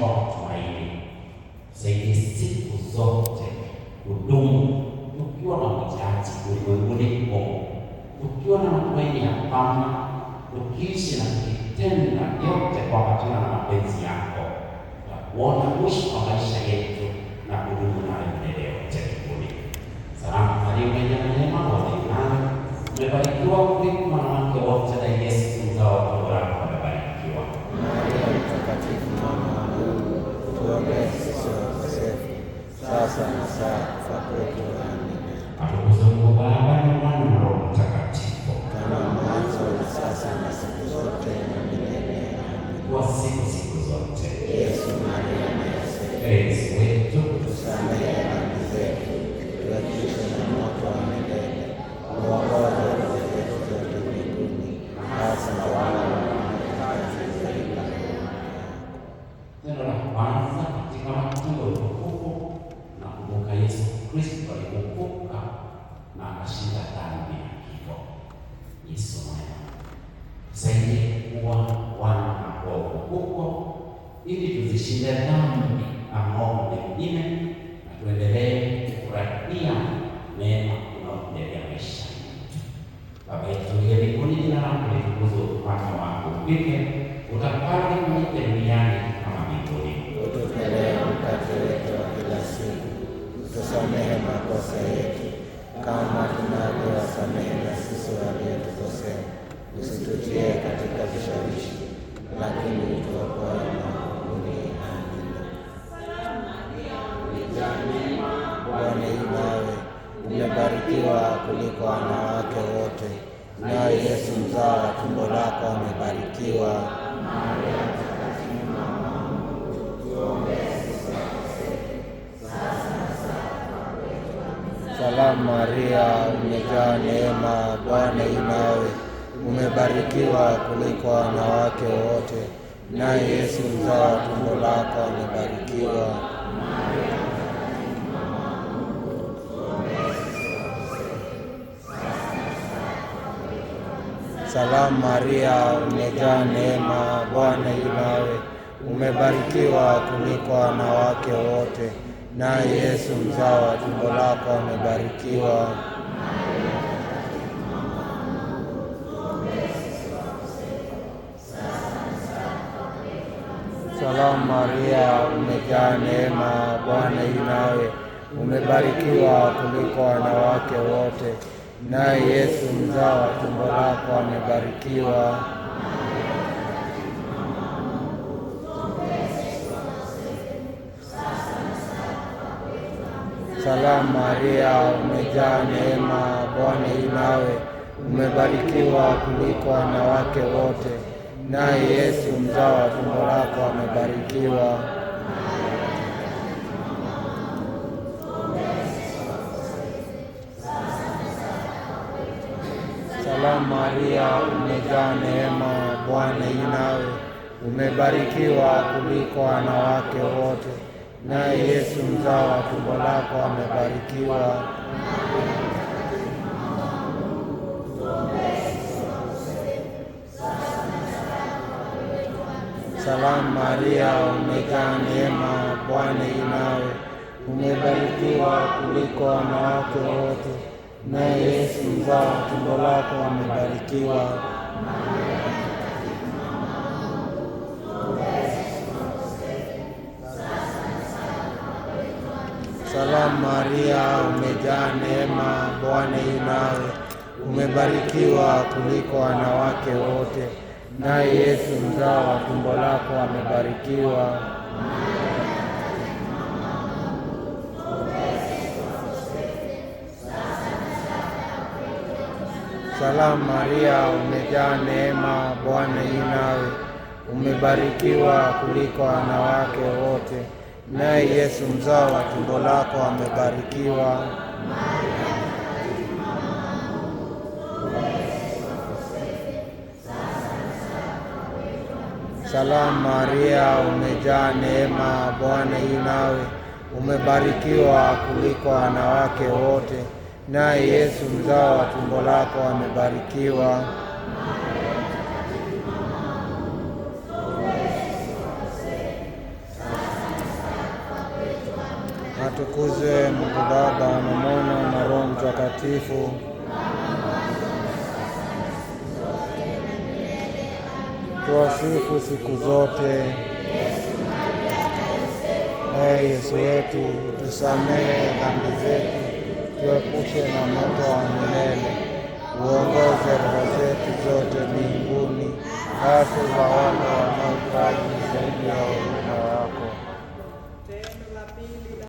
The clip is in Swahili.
mwa matumaini. Zaidi siku zote hudumu ukiwa na uchaji ulimwenguni kote, ukiwa na matumaini ya kwamba ukiishi na kitenda yote kwa matunda na mapenzi yako, na kuona mwisho wa maisha yetu na kudumu kwanza katika matendo ya wokovu na kumbuka Yesu Kristo alipokoka na akashinda dhambi na kifo. Yesu mwema, tusaidie kuwa wana wa wokovu ili tuzishinde dhambi na maovu mengine na tuendelee kufurahia tusamehe makosa yetu kama tunavyowasamehe na sisi waliotukosea, usitutie katika vishawishi, lakini utuokoe na maovuni. Amina. Bwana yu umebarikiwa kuliko wanawake wote, nayo Yesu mzao wa tumbo lako amebarikiwa. Salamu Maria, umejaa neema, Bwana yu nawe, umebarikiwa kuliko wanawake wote, naye Yesu mzao wa tumbo lako amebarikiwa. Salamu Maria, umejaa neema, Bwana yu nawe, umebarikiwa kuliko wanawake wote naye Yesu mzao wa tumbo lako amebarikiwa. Salamu Maria, umejaa neema, Bwana yu nawe, umebarikiwa kuliko wanawake wote, naye Yesu mzao wa tumbo lako amebarikiwa. Salamu Maria, umejaa neema, Bwana yu nawe, umebarikiwa kuliko wanawake wote, naye Yesu mzao wa tumbo lako amebarikiwa. Salamu Maria, umejaa neema, Bwana yu nawe, umebarikiwa kuliko wanawake wote naye Yesu mzao wa tumbo lako amebarikiwa. Salamu Maria, umejaa neema, Bwana nawe, umebarikiwa kuliko wanawake wote, naye Yesu mzao wa tumbo lako amebarikiwa. Salamu Maria, umejaa neema, Bwana yu nawe, umebarikiwa kuliko wanawake wote, naye Yesu mzao wa tumbo lako amebarikiwa. Salamu Maria, umejaa neema, Bwana yu nawe, umebarikiwa kuliko wanawake wote naye Yesu mzao wa tumbo lako amebarikiwa. Salamu Maria, umejaa neema, Bwana yu nawe, umebarikiwa kuliko wanawake wote, naye Yesu mzao wa tumbo lako amebarikiwa. Atukuzwe Mungu Baba na Mwana na Roho Mtakatifu. Tuwasifu siku zote. Ee Yesu wetu, tusamehe dhambi zetu, tuepushe na moto wa milele, uongoze roho zetu zote mbinguni, hasa za wale wanaohitaji zaidi ya